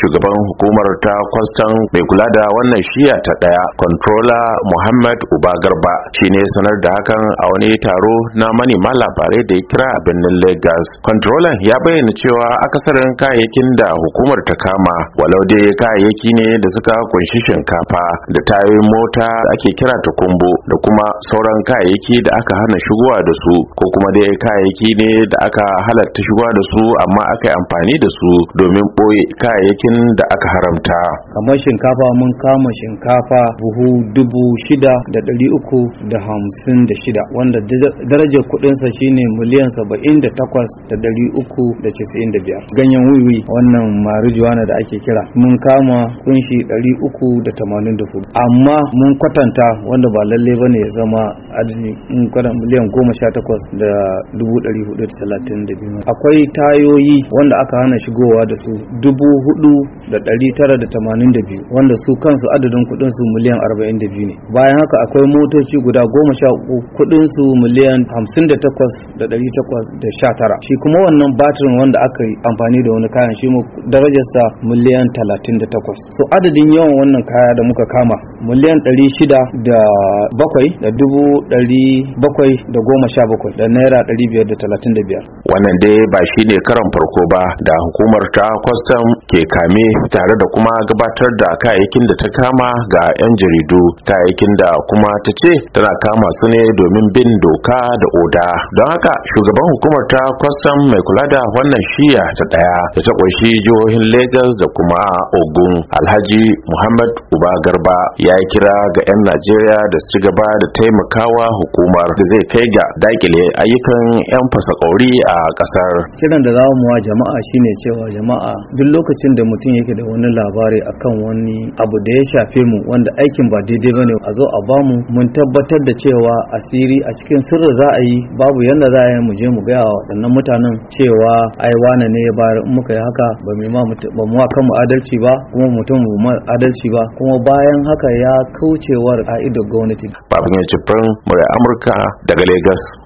shugaban hukumar ta kwastan mai kula da wannan shiya ta daya Kontrola muhammad uba garba shine sanar da hakan a wani taro na manema labarai da ya kira a birnin lagos Kontrolan ya bayyana cewa akasarin kayayyakin da hukumar ta kama walau dai kayayyaki ne da suka kunshi shinkafa da tayoyin mota da ake kira ta kumbu da kuma sauran kayayyaki da aka hana shigowa da su ko kuma dai kayayyaki ne da aka halatta shigowa da su amma aka yi amfani da su domin boye kayayyaki kayayyakin da aka haramta kamar shinkafa mun kama shinkafa buhu dubu shida da ɗari uku da hamsin da shida wanda darajar kuɗinsa shine miliyan saba'in da takwas da ɗari uku da casa'in da biyar ganyen wiwi wannan marijuana da ake kira mun kama kunshi ɗari uku da tamanin da hudu amma mun kwatanta wanda ba lalle ba ne ya zama adadi in kwanan miliyan goma sha takwas da dubu ɗari hudu da talatin da biyu akwai tayoyi wanda aka hana shigowa da su dubu biyu, wanda su kansu adadin kudin su miliyan biyu ne bayan haka akwai motoci guda goma sha uku kudin su miliyan tara. shi kuma wannan batirin wanda aka yi amfani da wani kayan shi mu darajarsa miliyan takwas. so adadin yawan wannan kaya da muka kama miliyan shida da bakwai da dubu bakwai da goma sha bakwai da naira biyar. wannan dai ba shi ne karan farko ba da hukumar ta kwastam ke kame tare da kuma gabatar da kayayyakin da ta kama ga 'yan jaridu kayayyakin da kuma ta ce tana kama su ne domin bin doka da oda don haka shugaban hukumar ta kwastam mai kula da wannan shiya ta daya da ta ƙunshi jihohin lagos da kuma ogun alhaji muhammad uba garba ya yi kira ga 'yan najeriya da su gaba da taimakawa hukumar da zai kai ga dakile ayyukan 'yan fasakori a ƙasar kiran da za mu wa jama'a shine cewa jama'a duk lokacin lokacin da mutum yake da wani labari akan wani abu da ya shafe mu wanda aikin ba daidai bane a zo a bamu mun tabbatar da cewa asiri a cikin sirri za a yi babu yanda za a yi mu je mu gaya wa waɗannan mutanen cewa ai wane ne ya bayar in muka yi haka ba mu ma ba mu kan mu adalci ba kuma mutum mu ma adalci ba kuma bayan haka ya kaucewar a ido gwamnati. Babin ya cifin murai Amurka daga Legas.